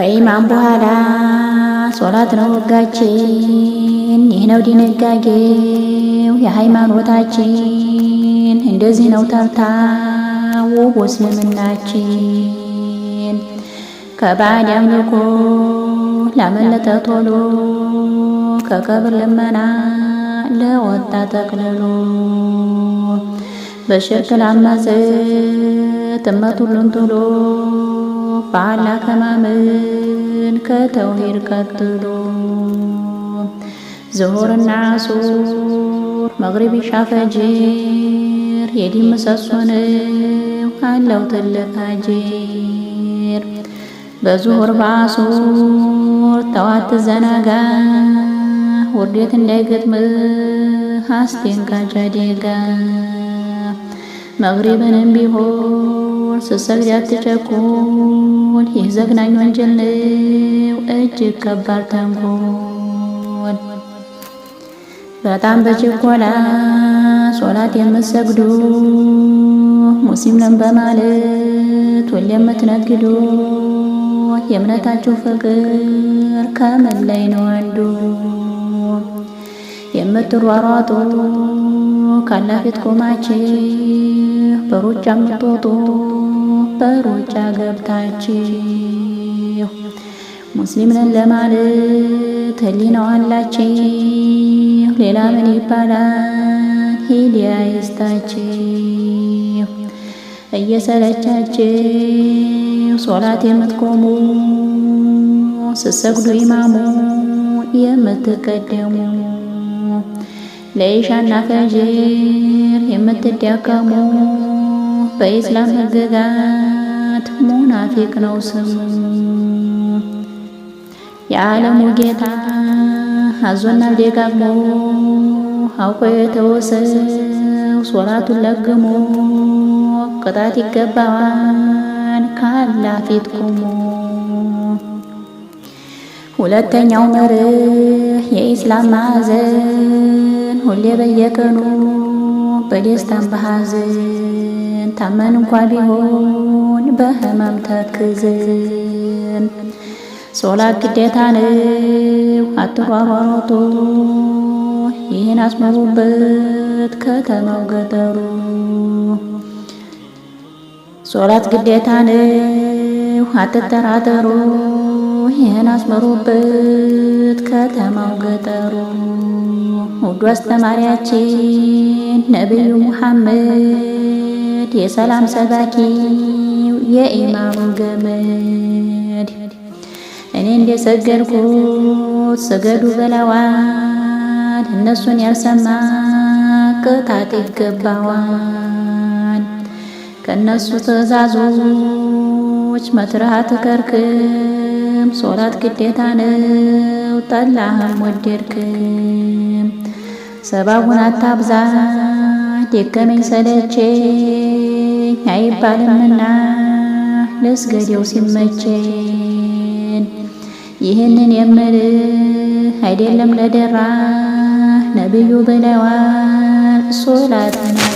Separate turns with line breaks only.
ከኢማም በኋላ ሶላት ነው ወጋችን። ይህ ነው ድንጋጌው የሃይማኖታችን። እንደዚህ ነው ተርታው እስልምናችን። ከባዕድ አምልኮ ላመለጠ ቶሎ ከቀብር ልመና ለወጣ ተክልሎ በሽርክ ላመፀ ጥመት ሁሉን ጥሎ በአላህ ከማመን ከተውሂድ ቀጥሎ ዙሁርና አሱር መግሪብ ሻፈጅር የዲን ምሰሶን ነው አለው ትልቅ አጅር። በዙሁር በአሱር ተዋት ዘነጋ ውርዴት እንዳይገጥምህ አስቴንጋጅ ካጃዴጋ መግሪብንም ቢሆን ስትሰግድ አትጨኩን። ይህ ዘግናኝ ወንጀል ነው እጅግ ከባድ ተንኮል። በጣም በችኮላ ሶላት የምትሰግዱ ሙስሊም ነን በማለት ወል የምትነግዱ የእምነታችሁ ፍቅር ከምን ላይ ነው አንዱ የምትሯሯጡ ካላፊት ቆማችሁ በሩጫ የምትወጡ በሩጫ ገብታችሁ ሙስሊም ነን ለማለት ህሊናው አላችሁ። ሌላ ምን ይባላል? ሂዳያ ይስጣችሁ። እየሰለቻችሁ ሶላት የምትቆሙ ስሰግዱ ኢማሙ የምትቀደሙ ለኢሻና ፈጅር የምትዳከሙ በኢስላም ሕግጋት ሙናፊቅ ነው ስሙ። የዓለሙ ጌታ አዞናል ደጋግሞ አውቆ የተወሰው ሶላቱን ለግሞ ቅጣት ይገባዋን ካላ ፊት ቆሞ። ሁለተኛው መርህ የኢስላም ማዕዘን ሁሌ በየቀኑ በደስታም በሐዘን ታመን እንኳ ቢሆን በህመም ተክዝን። ሶላት ግዴታ ነው አትሯሯጡ፣ ይህን አስመሩበት ከተማው ገጠሩ። ሶላት ግዴታ ነው አትጠራጠሩ፣ ይህን አስመሩበት ከተማው ገጠሩ። ውዱ አስተማሪያችን ነቢዩ ሙሐመድ ሰይድ የሰላም ሰባኪው የኢማሙ ገመድ እኔ እንደሰገድኩት ስገዱ በለዋል። እነሱን ያልሰማ ቅጣት ይገባዋል። ከእነሱ ትእዛዞች መትረሃት ከርክም ሶላት ግዴታ ነው ጠላህም ወደድክም ሰባቡን አታብዛ ደከመኝ ሰለቼ አይባልምና ልስገደው ሲመቸን። ይህንን የምልህ አይደለም ለደራ ነብዩ ብለዋል ሶላትና